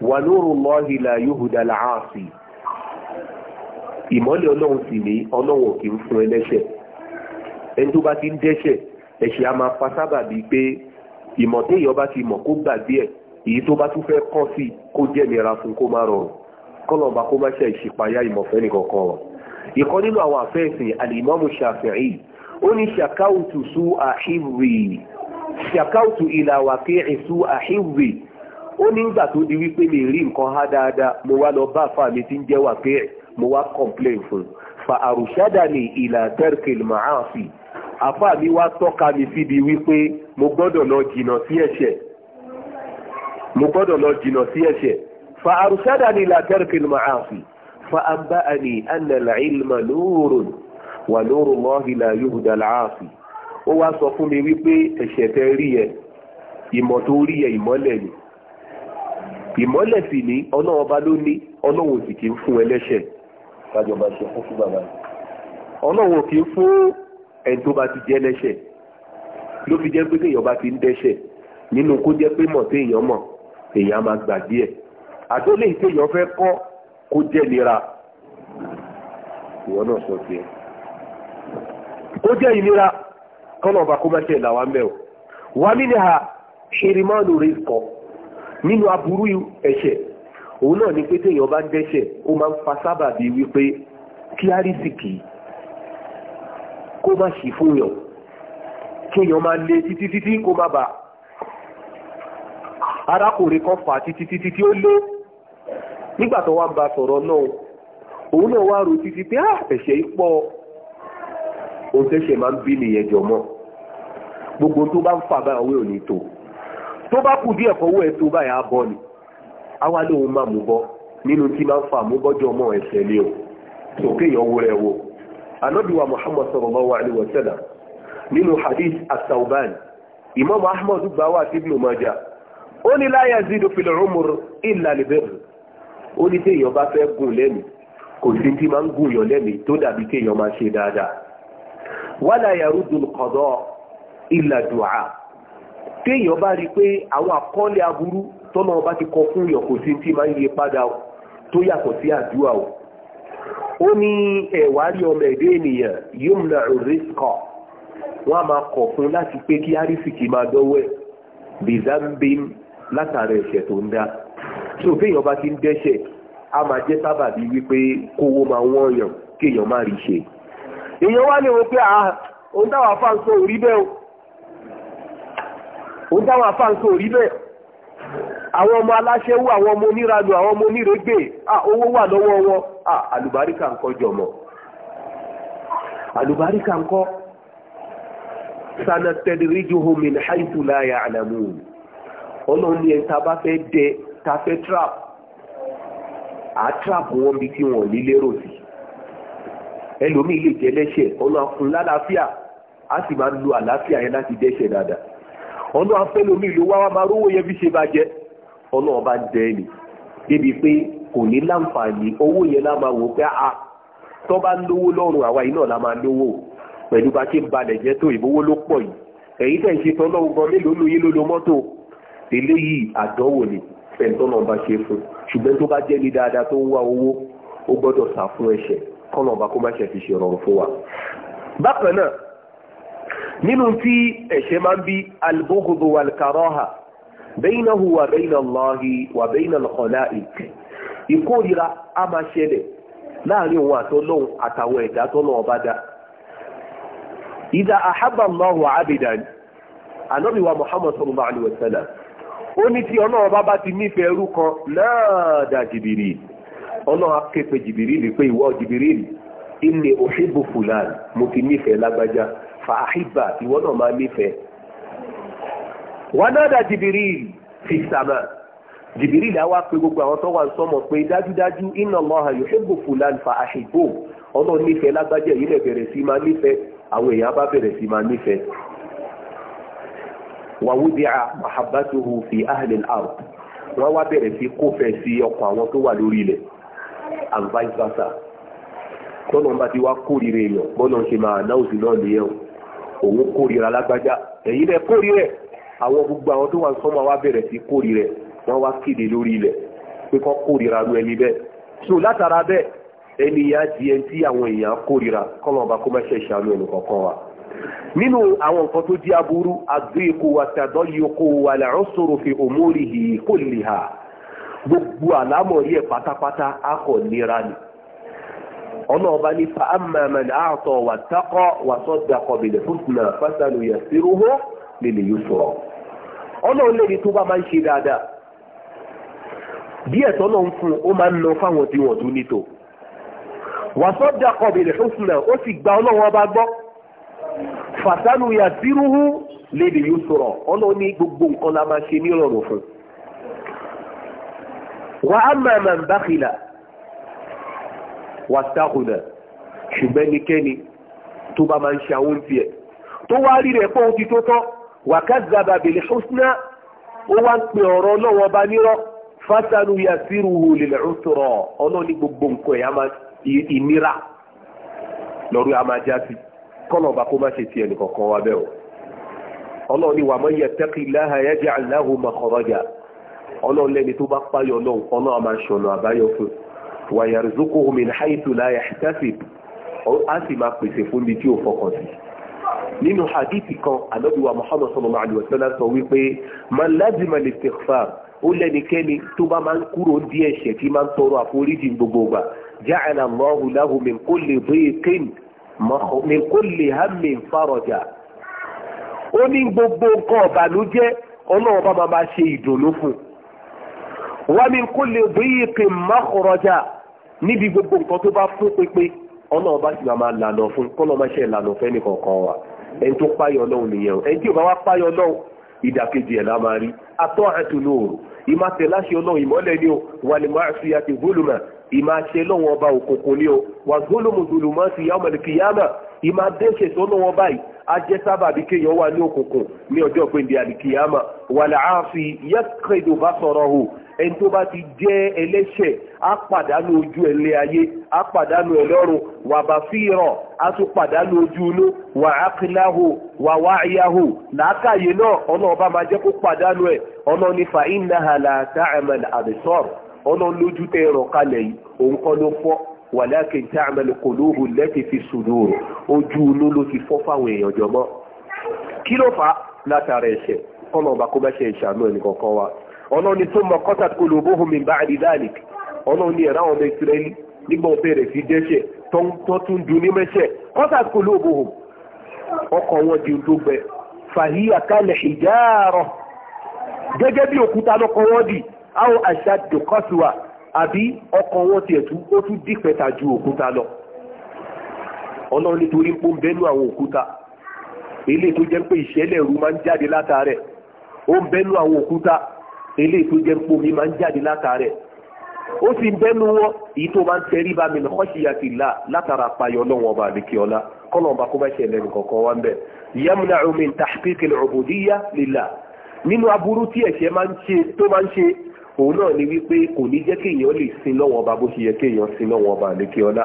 wà lóru lọ́hìn la yóhùdà làásì ìmọ́lẹ̀ ọlọ́run sì ní ọlọ́run kì í fún ẹlẹ́ṣẹ̀ ẹni tó bá ti ń dẹ́ṣẹ̀ ẹ̀ṣẹ̀ a máa fa sábà bíi pé ìmọ̀ téèyàn bá ti mọ̀ kó gbàgbé ẹ̀ èyí tó bá tún fẹ́ kọ́ sí kó jẹ́ nira fún kó má rọrùn kọ́lọ̀ọ̀bá kó má ṣe ìṣípayá ìmọ̀fẹ́ nìkankan wọn. ìkan nínú àwọn àfẹ́ẹ̀sìn alimọ́mù ṣàfihì ó ní ṣàkáùtù sú àhíwì ṣàkáùtù ìlàwàkẹ́ ìsú àhíwì ó nígbà tó di wípé mi rí nǹkan há dáadáa mo wá lọ bá àfa mi ti ń jẹ́ wà pé ẹ̀ mo wá complain fún un fa àrùṣádà ní ìlà tẹ́rkìl màáfi àfa mi wá tọ́ka mi síbi wípé mo gbọ́dọ̀ lọ jìnà sí ẹ̀ṣẹ̀ mo gbọ́dọ̀ lọ jìnà sí ẹ̀ṣẹ̀ fa àrùṣádà ní ìlà tẹ́rkìl màáfi fa àmbá àní ànàlà ìlmà lóòrùn wà lóòrùn mọ́hìlà yóò dà ó wá sọ fún mi wípé ẹ̀ṣẹ̀ tẹ́ rí ẹ ìmọ̀ tó rí ẹ ìmọ́lẹ̀ ni ìmọ́lẹ̀ sì ní ọlọ́wọ́n bá ló ní ọlọ́wọ́n sì kì í fún ẹlẹ́ṣẹ̀ kájọba máa ṣe fún fún bàbá ọlọ́wọ́n kì í fún ẹni tó bá ti jẹ́ ẹlẹ́ṣẹ̀ ló fi jẹ́ pé téèyàn bá ti ń dẹ́ṣẹ̀ nínú kó jẹ́ pé mọ̀ èèyàn mọ̀ èèyàn máa gbà díẹ̀ àtọ́lé téèyàn fẹ́ kọ́ kó jẹ́ nira ìwọ náà sọ tiẹ̀ kó jẹ́ ìnira kọ́nà ọba kó má ṣe wà nínú ha ṣe nínú aburú ẹ̀ṣẹ̀ òun náà ni pé téèyàn bá ń dẹ́ṣẹ̀ ó máa ń fa sábàbí wípé kí árísìkì kó má ṣì fún yàn kéèyàn máa lé títí títí kó má bà arákùnrin kan fà títí títí tí ó lé nígbà tó wá ń ba sọ̀rọ̀ náà òun náà wá ro títí pé ah, ẹ̀ṣẹ̀ pọ̀ òun tẹ́ṣẹ̀ máa ń bí nìyẹn jọ̀mọ́ gbogbo tó bá ń fà báyìí òwe ò ní tó tó bá kù díẹ̀ kọ́wọ́ ẹ̀ tó báyà bọ́ ni àwa lóun máa mú bọ́ nínú tí máa ń fa àmúbọ́jọ́ ọmọ ẹ̀sẹ̀ lé o sókè yọ owó rẹ̀ wo anọ́dúnwà muhammad sallallahu alaihi wa sallam nínú hadith asauban imam ahmad gba wa àti ibnu maja ó ní la yazidu fil umr illa al ó ní téèyàn bá fẹ́ gùn lẹ́nu kò sí tí máa ń gùn yàn lẹ́nu tó dàbí téèyàn máa ṣe dáadáa wala yaruddu al qada illa du'a téèyàn bá rí i pé àwọn àkọọ́lẹ̀ aburú tọ́nà ọba ti kọ fún yàn kò sí ti máa ń yẹ padà o tó yàtọ̀ sí àdúrà o ó ní ẹ̀wárí ọmọ ẹ̀dẹ́ ènìyàn yóò mú náà rìsíkà wọ́n á máa kọ̀ fún láti pé kí árísìkì máa dọ́wọ́ ẹ̀ bizambin látàrí ẹ̀ṣẹ̀ tó ń dá tí òfin ọba ti ń dẹ́ṣẹ̀ a máa jẹ́ sábàbí wípé kówó máa wọ́n yàn kéèyàn má rí ṣe èèyàn wá ní wọn pé òun ah, táwọn afáǹsọ ò ó dáwọn afáǹkó rí bẹ́ẹ̀ àwọn ọmọ aláṣẹwó àwọn ọmọ onírànú àwọn ọmọ onírègbè owó wà lọ́wọ́ wọn àlùbáríkà ńkọ́ jọmọ àlùbáríkà ńkọ́ sanatẹ̀dẹ̀ríjuhum min haythu la ya'lamun ọlọ́run dẹ ta fẹ́ trap a trap wọn bí wọn lérò sí ẹlòmíì lè ọlọ́run lálàáfíà a sì máa ọ̀nà afẹ́lómi ló wá wá máa rówó yẹn bí ṣe bàjẹ́ ọlọ́run bá dẹ ẹni débi pé kò ní láǹfààní owó yẹn lá máa wò pé a ah, tó bá ń lówó lọ́rùn àwa yìí náà la máa lówó pẹ̀lú bá ṣe ń balẹ̀ jẹ́ tó ìbówó ló pọ̀ yìí èyí tẹ̀ ń ṣe tán lọ́wọ́ gan mélòó lóyún ló lo mọ́tò eléyìí àdánwò ni fẹ́ntọ́ bá ṣe fún ṣùgbọ́n tó bá jẹ́ ní dáadáa tó ń wá owó ó gbọ́dọ̀ sá fún ẹ̀ṣẹ̀ kọ́nà ọba kó má ṣe fi ṣe fún wa. bákan náà nínú tí ẹ̀ṣẹ̀ máa ń bí albughdu walkaraha baynahu wa bayna Allahi wa bayna al-khalaiq ìkórira a máa ṣẹlẹ̀ láàrin òun àtọ́lọ́hun àtàwọn ẹ̀dá tọ́lọ́ ọba dá ìdá abidan ànábì wa wa ó ní tí ọlọ́run bá bá ti nífẹ̀ẹ́ ẹrú kan náà dá jìbìrì ọlọ́run aképe jìbìrì lè pé ìwọ jìbìrì inni fa àhìbà ìwọ náà máa nífẹ̀ẹ́ wọn náà dá Jibril fi sàmà Jibril àwa pe gbogbo àwọn tó wà ń sọmọ pé dájúdájú inna Allaha fa àhìbò ọlọ́run nífẹ̀ẹ́ lágbájá yìí lè bẹ̀rẹ̀ sí máa nífẹ̀ẹ́ àwọn èèyàn bá bẹ̀rẹ̀ sí máa nífẹ̀ẹ́ fi ahli wá bẹ̀rẹ̀ sí sí àwọn tó wà lórí ilẹ̀ and vice versa ti wá òun kórìíra lágbájá ẹ̀yin lẹ kórìíra àwọn gbogbo àwọn tó wà wa bẹ̀rẹ̀ sí kórìíra ẹ̀ wá kéde lórí ilẹ̀ pé kọ́ lu ẹni bẹ́ẹ̀ so látara bẹ́ẹ̀ ẹni yá di ẹni tí àwọn èèyàn kórìíra kọ́mọ ọba kó má ṣe ṣàánú ẹnu kọ̀ọ̀kan wa nínú àwọn nǹkan tó di aburú fi òmórìhì kò lè hà gbogbo pátápátá akọ̀ nira ni. ọlọ́ọ̀bá ní fa amáman àtọ̀ wà tákọ̀ wà sọ́dà kọ̀bìlẹ̀ fúnfúnà fásánù yà sírú hó lèlè yóò sọ̀rọ̀ ọlọ́run lèmi tó bá máa ń ṣe dáadáa díẹ̀ tọ́lọ́ ń fún ó máa ń lọ fáwọn tí wọ́n tún nítò wà sọ́dà kọ̀bìlẹ̀ fúnfúnà ó sì gba ọlọ́run ọba gbọ́ fàtánù yà sírú hó lèlè yóò sọ̀rọ̀ ọlọ́run wàstáhùnà ṣùgbọ́n ẹnikẹ́ni tó bá máa ń ṣe àwọn oúnjẹ ẹ̀ tó wá rí rẹ̀ pé òun ti tó tán wàkàzàbà bil husna ó wá ń pè ọ̀rọ̀ ọlọ́wọ́ bá nírọ́ fásánù yasiru lil usra ọlọ́ni gbogbo nǹkan ẹ̀ ìnira lọ́rọ̀ a máa já sí kọ́nà ọba kó má ṣe ti ẹnì kọ̀ọ̀kan wa bẹ́ẹ̀ o ọlọ́ni wà mọ́ yẹ tẹ́kì láha yaj'al lahu makhraja ọlọ́ni tó bá páyọ̀ náà ọlọ́run máa ṣọ̀nà àbáyọ fún un wàyàrùzókòó min haythu la yahtasib á sì máa pèsè fún ibi tí ò fọkàn sí nínú hadithi kan anábíwa muhammad sallallahu alaihi wasallam sọ wípé man lazima al-istighfar ó lẹ́nikẹ́ni tó bá máa ń kúrò ní ẹ̀ṣẹ̀ tí máa ń tọrọ àforíjì gbogbo gbà ja'ala Allahu lahu min kulli dhiqin min kulli hammin faraja ó ní gbogbo nǹkan ọ̀bànújẹ́ ọlọ́run bá máa ṣe ìdùnnú fún wa min kulli dhiqin makhraja níbi gbogbo nǹkan tó bá fún pépé ọlọ́run bá sì máa lànà fún kọ́lọ́ máa ṣe lànà fẹ́ nìkan kan wa ẹni tó páyọ ọlọ́run nìyẹn ẹni tí ò bá wá páyọ ọlọ́run ìdàkejì ẹ̀ la máa rí atọ́ àtúnú òru ìmàtẹ̀ láṣẹ ọlọ́run ìmọ́lẹ̀ ni ó wà ní máa fi àti gbólùmọ̀ ìmá ṣe lọ́wọ́ ọba òkòkò ní o wà gbólómùdùlù máa ti yá ọmọdé kìyàmà ìmá dẹ́ṣẹ̀ tó lọ́wọ́ báyìí á jẹ́ sábà bí kéèyàn wà ní òkòkò ní ọjọ́ pèndé àlìkìyàmà wà láàfin yẹ́kẹ̀dù bá sọ̀rọ̀ hù ẹni tó bá ti jẹ́ ẹlẹ́ṣẹ̀ á pàdánù ojú ẹlẹ́ ayé á pàdánù ẹlọ́run wà bá fìràn á tún pàdánù ojú inú wà ákìláhù wà wáyáhù làákàyè náà ọ̀nà ọba máa jẹ́ kó pàdánù ẹ̀ ọ̀nà nífà ìnáhà làtàmẹ́lẹ̀ àbẹ̀sọ̀rọ̀ ọlọ́run lójú tẹ́ ẹ̀rọ kalẹ̀ yìí òun kọ́ ló fọ́ fi sudur ojú inú ló ti fọ́ fáwọn èèyàn jọmọ́ kí ló fà á látara ọba kó bá ṣe ìṣàánú ẹnì kọ̀ọ̀kan wa ọlọ́run ni thumma qatat qulubuhum min ba'di dhalik ọlọ́run ni ẹ̀rọ àwọn ọmọ ìsirẹ́lì nígbà dun ní àwọn àṣà dòkọ́sùwà àbí ọkàn wọn tiẹ̀ tún ó tún dìpẹ́ta ju òkúta lọ ọlọ́run nítorí pé ń bẹ́nu àwọn òkúta ilé tó jẹ́ pé ìṣẹ̀lẹ̀ ẹ̀rù máa ń jáde látàrẹ̀ ó ń bẹ́nu àwọn òkúta ilé tó jẹ́ pé omi máa ń jáde látàrẹ̀ ó sì ń bẹ́nu wọn èyí tó máa ń tẹrí bá mi lọ́kọ́ sí yàtì là látara payọ̀ ọlọ́run ọba àdìkí ọ̀la kọ́nà ọba kó bá ṣẹlẹ̀ nìkọ̀ọ̀kan wá ń bẹ̀ yamna min tahqiq al-ubudiyya lillah nínú aburú tí ẹ̀ṣẹ̀ tó máa ń ṣe òun náà ni wípé kò ní jẹ́ kéèyàn lè sin lọ́wọ́ ọba bó ṣe yẹ kéèyàn sin lọ́wọ́ ọba lékè ọlá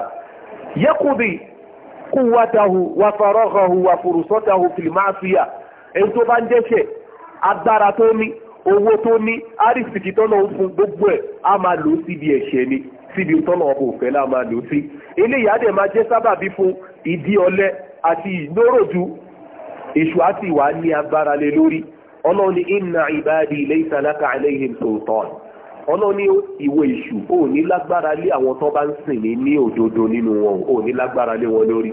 yẹkùnbí kú wátahù wà fàrọ́hàhù wà fòrùsọ́tahù fìlìmáàfíà ẹni tó bá ń dẹ́ṣẹ̀ agbára tó ní owó tó ní àrísìkì tọ́nà ń gbogbo ẹ̀ á máa lò ó síbi ẹ̀ṣẹ̀ ni síbi tọ́nà ọkọ̀ òfẹ́ náà máa lò ó sí eléyìí á dẹ̀ máa jẹ́ sábàbí fún ìdí ọlẹ àti ìnóròjú èṣù àti ìwà ní agbára lé lórí ọlọ́run ní inna ibadi laysa laka alayhim sultan ọlọ́run ní ìwé ìṣù ò ní lágbára lé àwọn tó bá ń sìn ní ní òdodo nínú wọn ò ní lágbára lé wọn lórí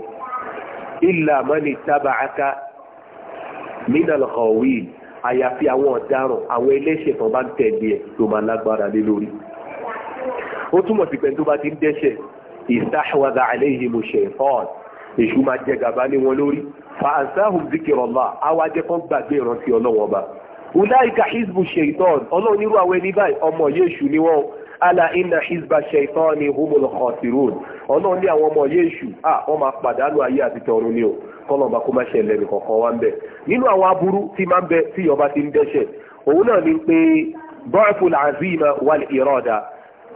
illa mani taba'aka minal ghawin àyàfi àwọn ọ̀daràn àwọn ẹlẹ́ṣẹ̀ tó bá ń tẹ̀lé ẹ̀ tó máa lágbára lé lórí ó túmọ̀ sí pé tó bá ti ń dẹ́ṣẹ̀ ìsáhùwàdà àlẹ́ ìhìmùṣẹ̀ fọ́ọ̀n èṣù máa jẹ gàba lé wọn lórí fàánsahùn zikirọ̀lá awájẹ́ kan gbàgbé ìrántí ọlọ́wọ́n ọba ulaika hizbu shaitan ọlọ́run nírú àwọn ẹni báyìí ọmọ yéṣu ni wọ́n ala inna hizba shaitan ni humul khasirun ọlọ́run ní àwọn ọmọ yéṣu à wọ́n máa pàdánù ayé àti tọ̀run ni o kọ́lọ̀ bá kó má ṣẹlẹ̀ nìkọ̀kan wá ń bẹ̀ nínú àwọn aburú tí máa ń ọba ti ń dẹ́ṣẹ̀ òun náà ni pé bọ́ọ̀fù làzima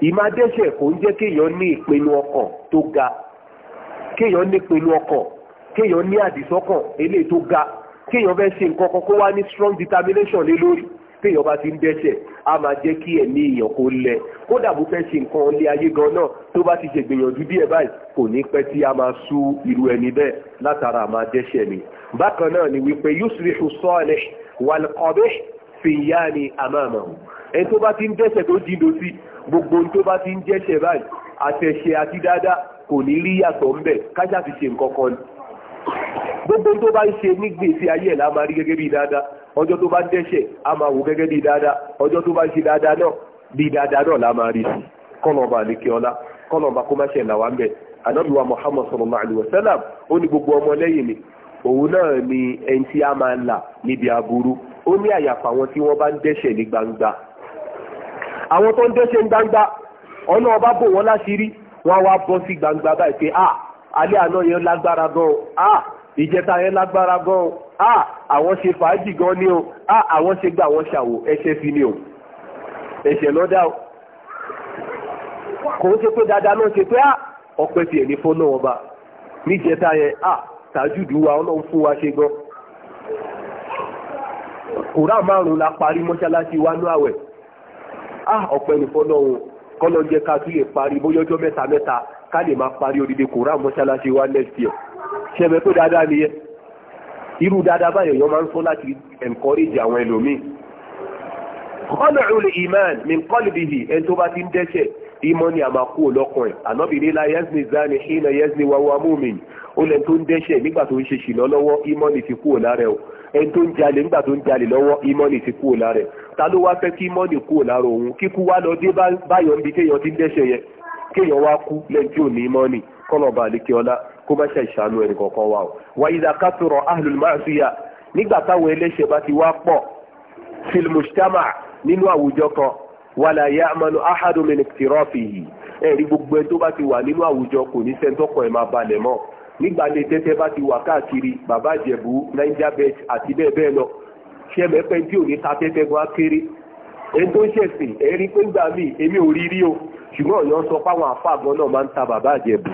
ìmá dẹ́ṣẹ̀ kò ń jẹ́ kéèyàn ní ìpinnu ọkàn tó ga kéèyàn ní ìpinnu kéèyàn ní àdìsọ́kàn eléyìí tó ga kéèyàn fẹ́ ṣe nǹkan kan kó wá ní strong determination lé lórí téèyàn bá ti ń dẹ́sẹ̀ á máa jẹ́ kí ẹ̀mí èèyàn kó lẹ̀ kódà bó fẹ́ ṣe nǹkan lé ayé gan náà tó bá ti ṣe gbìyànjú díẹ̀ báyìí kò ní pẹ́ tí a máa sú irú ẹni bẹ́ẹ̀ látara àmà dẹ́sẹ̀ ni. bákan náà ni wípé yusrihu salih wal qabih fìyàní amamahu ẹni tó bá ti ń dẹ́sẹ̀ tó dín lọ sí gbogbo ohun tó bá ti ń dẹ́sẹ̀ báyìí àtẹ̀ṣe àti dáadáa kò ní rí yàtọ̀ ńbẹ̀ kájà ṣe nǹkan kan gbogbo tó bá ń ṣe nígbèsè ayé ẹ̀ la máa rí gẹ́gẹ́ bí dáadáa ọjọ́ tó bá dẹ́ṣẹ̀ a máa wò gẹ́gẹ́ bí dáadáa ọjọ́ tó bá ṣe dáadáa náà bí dáadáa náà la máa rí sí kọ́nọ̀ọ̀bà àlékè ọlá kọ́nọ̀ọ̀bà kó má ṣe làwà ń bẹ̀ anábìwá Muhammad sallallahu alaihi wasallam ó ní gbogbo ọmọ lẹ́yìn mi òun náà ni ẹni tí a máa ń là níbi aburú ó ní àyàfà àwọn tí wọ́n bá ń dẹ́ṣẹ̀ ní gbangba àwọn tó ń dẹ́ṣẹ̀ ní gbangba ọ̀nà bò wọ́n láṣìírí wọ́n á wá bọ́ sí gbangba báyìí pé ah alẹ́ àná yẹn lágbára gan ah ìjẹta yẹn lágbára gan ah àwọn ṣe fàájì gan ni o ah àwọn ṣe gbà wọ́n ṣàwò ẹ̀ṣẹ̀ fi ni o ẹ̀ṣẹ̀ lọ́dà o kò ń ṣe pé dáadáa náà ṣe pé ah ọpẹ́ tiẹ̀ ní fọ́nà ọba níjẹta yẹn ah tàjùdù wa ọlọ́run fún wa ṣe gan kùrá márùn-ún la parí mọ́ṣáláṣí wa ní àwẹ̀ ah ọpẹ́ ní fọ́nà ọ̀hún kọ́lọ́ jẹ́ ká tún lè parí bóyá ọjọ́ mẹ́ta mẹ́ta ká lè máa parí odidi kòrán mọ́ṣáláṣí wa next year ṣẹ̀mẹ̀ pé dáadáa nìyẹn irú dáadáa báyọ̀ yọ máa ń sọ láti encourage àwọn ẹlòmíì kọ́lọ̀rùn ìmán ní kọ́lùbìhì ẹni tó bá ti ń dẹ́ṣẹ̀ ìmọ̀ ni a kú ọlọ́kùn ẹ̀ la yẹ́sìn zani hínà yẹ́sìn wàwà múmin ó tó ń dẹ́ṣẹ̀ nígbà tó ń ṣe ṣìnà lọ́wọ́ ìmọ̀ ẹni tó ń jalè nígbà tó ń jalè lọ́wọ́ ìmọ̀nì ti kúrò lára ẹ̀ ta ló wá fẹ́ kí ìmọ̀nì kúrò lára òun kíkú wá lọ dé báyọ̀ níbi kéèyàn ti ń dẹ́ṣẹ̀ yẹn kéèyàn wá kú lẹ́yìn tí ò ní ìmọ̀nì kọ́lọ̀ba àlékeọlá kó má ṣe ìṣàánú ẹnì kọ̀ọ̀kan wa o. wà ìdá kásùrọ̀ ahlul ma'asiya nígbà táwọn ẹlẹ́ṣẹ̀ bá ti wá pọ̀ fil nígbàdé tẹ́tẹ́ bá ti wà káàkiri bàbá ìjẹ̀bú niger bet àti bẹ́ẹ̀ bẹ́ẹ̀ lọ ṣé mẹ́pẹ́ tí ò ní ta tẹ́tẹ́ gan kéré ẹni tó ń ṣẹ̀sìn ẹ pé gbà mí èmi ò rí rí o ṣùgbọ́n ọ̀yọ́ sọ páwọn àfáà gan náà máa ń ta bàbá ìjẹ̀bú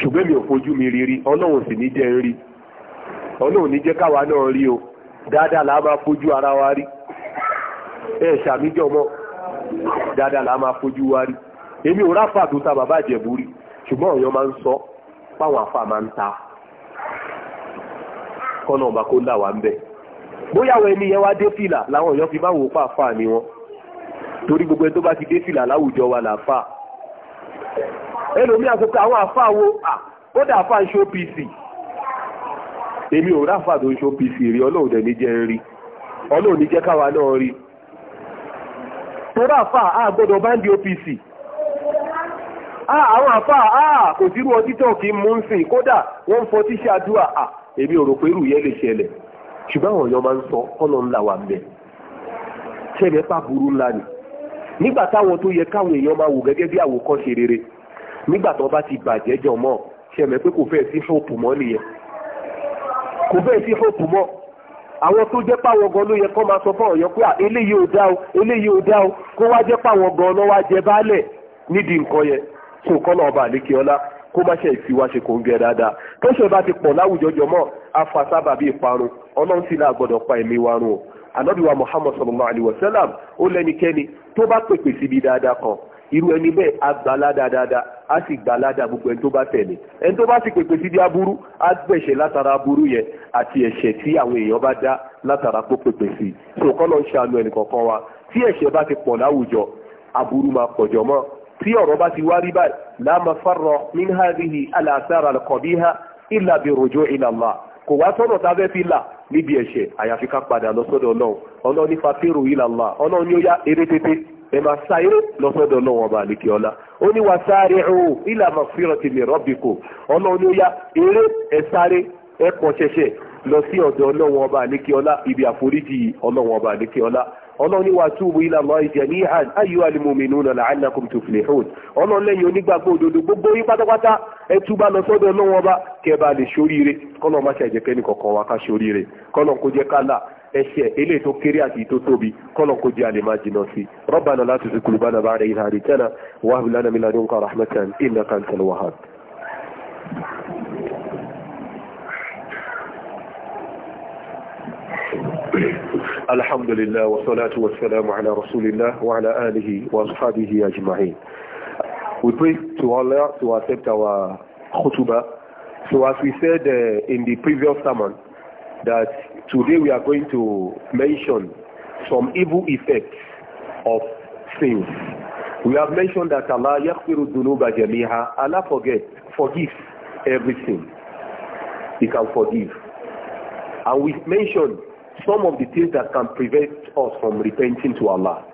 ṣùgbọ́n mi ò fojú mi rí rí ọlọ́run sì ní jẹ́ ń rí ọlọ́run ní jẹ́ káwa náà rí o dáadáa là á máa fojú ara wa rí ẹ ṣàmíjọ́ mọ́ dáadáa là á máa fojú wa rí èmi ò ráfà tó ta bàbá ìjẹ̀bú rí ṣùgbọ́n ọ̀yọ́ máa ń sọ páwọn afa máa ń ta kọ́nà ọba kó là wá ń bẹ̀ bóyá àwọn ẹni yẹn wá dé fìlà làwọn èèyàn fi máa wò pa àfa ni wọn torí gbogbo ẹni tó bá ti dé fìlà láwùjọ wa là fà ẹlòmíà sọ pé àwọn afa wo ó dà fà ń ṣó pc èmi ò ráfà tó ń ṣó pc rí ọlọ́run dẹ̀ ní jẹ́ rí ọlọ́run ní jẹ́ káwa náà rí tó ráfà àgbọ̀dọ̀ bá ń di opc Ah, àwọn àfà ah, kò sírú ọtí tó kí mú ń sìn kódà wọ́n ń fọtí ṣe àdúrà ah, èmi ò rò pé irú yẹn lè ṣẹlẹ̀ ṣùgbọ́n àwọn èèyàn máa ń sọ kọ́nà ńlá wà mẹ́ ṣẹlẹ̀ pa burú ńlá ni nígbà táwọn tó yẹ káwọn èèyàn máa wò gẹ́gẹ́ bí àwòkọ́ṣe rere nígbà tó bá ti bàjẹ́ jọ mọ́ ṣẹlẹ̀ pé kò fẹ́ sí hope mọ́ nìyẹn kò fẹ́ sí hope mọ́ àwọn tó jẹ́ páwọn gan ló yẹ kó máa sọ fún ọ̀yọ́ pé eléyìí ò dá o eléyìí ò dá o kó wá jẹ́ páwọn gan lọ́wọ́ jẹ baálẹ̀ nídìí nǹkan yẹn tó kọ́nà ọba àlékè ọlá kó má ṣe ìfi wá ṣe kò ń gẹ dáadáa tó ṣe bá ti pọ̀ láwùjọ jọmọ́ afasábà bíi parun ọlọ́run sì náà gbọ́dọ̀ pa ẹ̀mí wa run o ànábìwá muhammad sallallahu alayhi wa sallam ó lẹ́nikẹ́ni tó bá pèpè síbi dáadáa kan irú ẹni bẹ́ẹ̀ á gbalada dáadáa á sì gbalada gbogbo ẹni tó bá tẹ̀lé ẹni tó bá sì pèpè sí di aburú á gbẹ̀ṣẹ̀ látara aburú yẹn àti ẹ̀ṣẹ̀ tí àwọn èèyàn bá dá látara kó pèpè sí i so kọ́ ló ṣàánú ẹnì kọ̀ọ̀kan wa tí ẹ̀ṣẹ̀ bá ti pọ̀ láwùjọ aburú máa pọ̀jọ́ mọ́ tí ọ̀rọ̀ bá ti wá rí báyìí láàmà fárọ̀ min hadhihi aláàtàrà kọ̀bíhá ìlà bí rojo ila Allah kò wá sọ́nà tá a fẹ́ fi là níbi ẹ̀ṣẹ̀ àyàfi ká padà lọ sọ́dọ̀ ọlọ́run ọlọ́run ní fàfẹ́rù ila Allah ọlọ́run ní ó yá eré tètè ẹ máa sáré lọ sọ́dọ̀ ọlọ́run ọba àlekè ọlá ó ní wà sáré o ìlà magfirati min rabbikum ọlọ́run ní ó yá eré ẹ sáré ẹ pọ̀ ṣẹṣẹ lọ sí ọ̀dọ̀ ọlọ́run ọba àlekè ibi àforíjì ọlọ́run ọba àlekè ọlọ́run ní wa túbú ila Allahi jami'an ayyuhal mu'minuna la'allakum tuflihun ọlọ́run lẹ́yìn onígbàgbọ́ òdodo gbogbo yín pátápátá ẹ túbá lọ sọ́dọ̀ ọlọ́run ọba kẹ́ bá lè ṣoríire kọ́nà má ṣe àjẹpẹ́ kọ̀ọ̀kan wa ká ṣoríire kọ́nà kó jẹ́ ká là eléyìí tó kéré àti tó tóbi kọ́nà kó jẹ́ àlè máa jìnà sí rabbana Thank you. الحمد لله والصلاة والسلام على رسول الله وعلى آله وأصحابه أجمعين We pray to Allah to accept our khutbah. So as we said uh, in the previous sermon, that today we are going to mention some evil effects of sins. We have mentioned that Allah yaghfiru dhunuba jamiha. Allah forget, forgives everything. He can forgive. And we mentioned some of the things that can prevent us from repenting to Allah.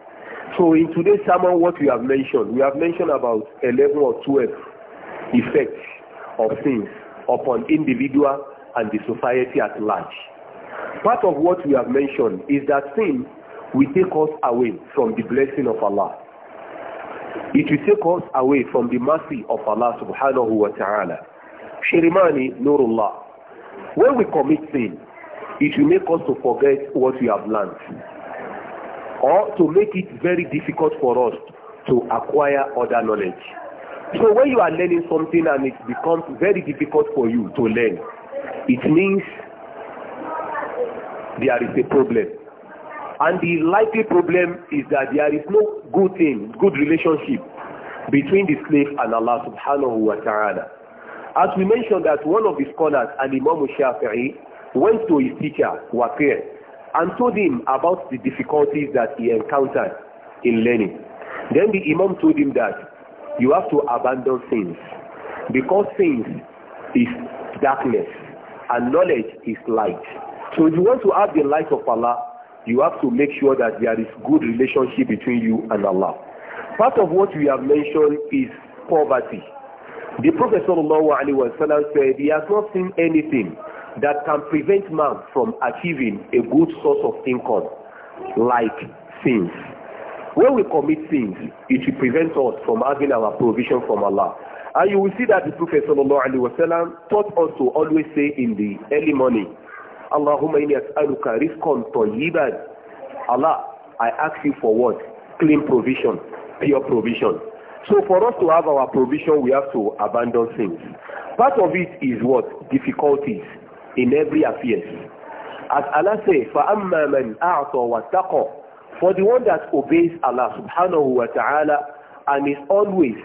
So in today's sermon, what we have mentioned, we have mentioned about 11 or 12 effects of sins upon individual and the society at large. Part of what we have mentioned is that sin will take us away from the blessing of Allah. It will take us away from the mercy of Allah subhanahu wa ta'ala. Shirimani Nurullah. When we commit sin, it will make us to forget what we have learned or to make it very difficult for us to acquire other knowledge. So when you are learning something and it becomes very difficult for you to learn, it means there is a problem. And the likely problem is that there is no good thing, good relationship between the slave and Allah subhanahu wa ta'ala. As we mentioned that one of the scholars, Al-Imam Shafi'i, went to his teacher, Wakir, and told him about the difficulties that he encountered in learning. Then the Imam told him that you have to abandon sins because sins is darkness and knowledge is light. So if you want to have the light of Allah, you have to make sure that there is good relationship between you and Allah. Part of what we have mentioned is poverty. The Prophet sallallahu alaihi wasallam said he has not seen anything that can prevent man from achieving a good source of income, like sins. When we commit sins, it will prevent us from having our provision from Allah. And you will see that the Prophet sallallahu alaihi wasallam taught us to always say in the early morning, Allahumma inni as'aluka rizqan tayyiban. Allah, I ask you for what? Clean provision, pure provision. So for us to have our provision, we have to abandon things. Part of it is what? Difficulties in every affairs. As Allah says, فَأَمَّا مَنْ أَعْطَى وَاتَّقَى For the one that obeys Allah subhanahu wa ta'ala and is always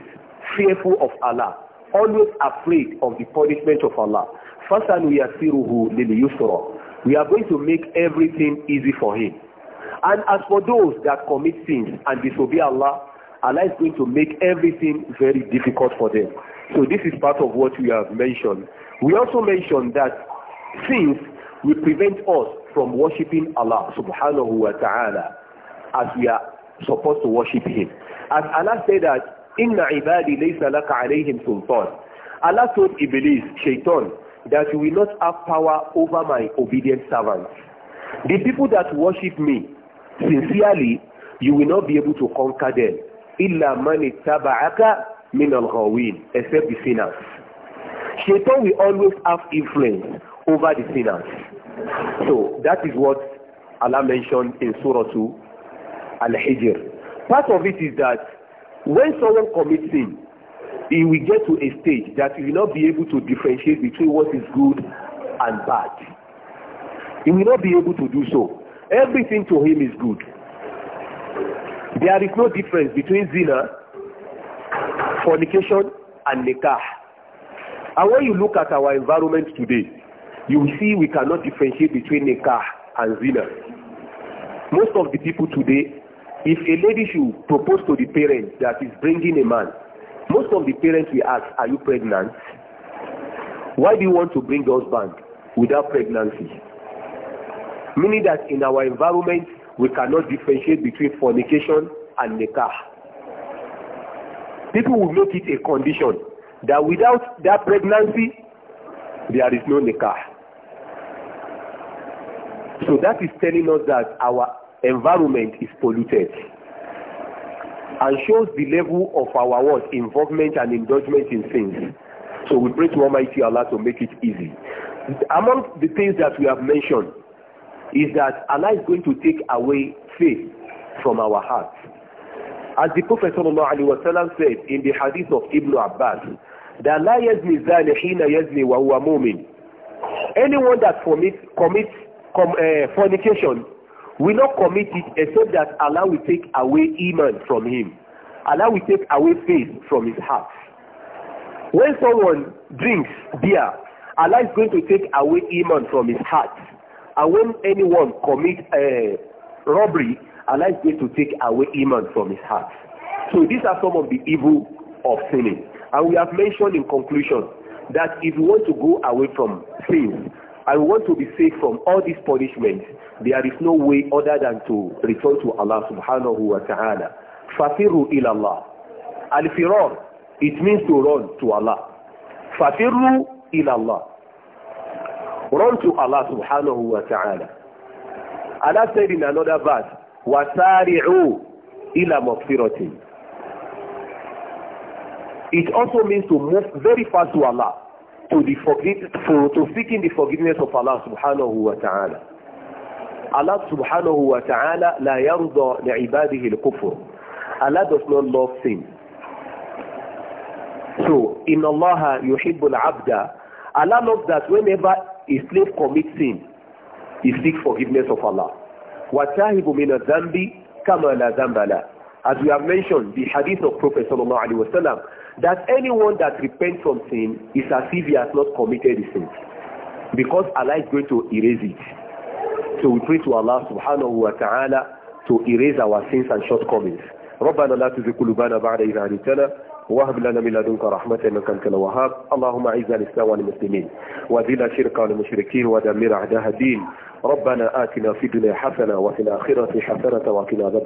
fearful of Allah, always afraid of the punishment of Allah. فَسَنُيَسِّرُهُ لِلْيُسْرَى We are going to make everything easy for him. And as for those that commit sins and disobey Allah, Allah is going to make everything very difficult for them. So this is part of what we have mentioned. We also mentioned that sins will prevent us from worshiping Allah subhanahu wa ta'ala as we are supposed to worship him. As Allah said that, Inna ibadi laysa laka alayhim sultan. Allah told Iblis, Shaitan, that you will not have power over my obedient servants. The people that worship me, sincerely, you will not be able to conquer them. Illa man ittaba'aka min al-ghawin, except the sinners. Shaitan will always have influence over the sinners. So that is what Allah mentioned in Surah 2, Al-Hijr. Part of it is that when someone commits sin, he will get to a stage that he will not be able to differentiate between what is good and bad. He will not be able to do so. Everything to him is good. There is no difference between zina, fornication, and nikah. And when you look at our environment today, you see we cannot differentiate between nikah and zina. Most of the people today, if a lady should propose to the parent that is bringing a man, most of the parents will ask, are you pregnant? Why do you want to bring those back without pregnancy? Meaning that in our environment, we cannot differentiate between fornication and nikah. People will make it a condition that without that pregnancy, there is no nikah. So that is telling us that our environment is polluted and shows the level of our what involvement and indulgement in things. So we pray to Almighty Allah to make it easy. Among the things that we have mentioned is that Allah is going to take away faith from our hearts. As the Prophet sallallahu alaihi wasallam said in the hadith of Ibn Abbas, that la yazni zani hina wa huwa mu'min. Anyone that commits com, uh, fornication will not commit it except that Allah will take away iman from him. Allah will take away faith from his heart. When someone drinks beer, Allah is going to take away iman from his heart. And when anyone commits uh, eh, robbery, Allah is going to take away iman from his heart. So these are some of the evil of sinning. And we have mentioned in conclusion that if you want to go away from sins, I want to be safe from all these punishments. There is no way other than to return to Allah subhanahu wa ta'ala. Fafiru ila Allah. Al-firar, it means to run to Allah. Fafiru ila Allah. Run to Allah subhanahu wa ta'ala. Allah said in another verse, Wasari'u ila مَغْفِرَةٍ It also means to move very fast to Allah to the forgive for, to seeking the forgiveness of Allah subhanahu wa ta'ala. Allah subhanahu wa ta'ala la yarda li'ibadihi al-kufr. Allah does not love sin. So, in Allah yuhibbul abda. Allah loves that whenever a slave commits sin, he seeks forgiveness of Allah. وَتَاهِبُ مِنَ الذَّنْبِ كَمَا لَا ذَنْبَ Zambala as we have mentioned, the hadith of Prophet Sallallahu Alaihi Wasallam, that anyone that repents from sin is as if he has not committed the sin. Because Allah is going to erase it. So we pray to Allah subhanahu wa ta'ala to erase our sins and shortcomings. ربنا لا تزغ قلوبنا بعد إذ هديتنا وهب لنا من لدنك رحمة إنك أنت الوهاب اللهم أعز الإسلام والمسلمين وذل الشرك والمشركين ودمر أعداء الدين ربنا آتنا في الدنيا حسنة وفي الآخرة حسنة وقنا عذاب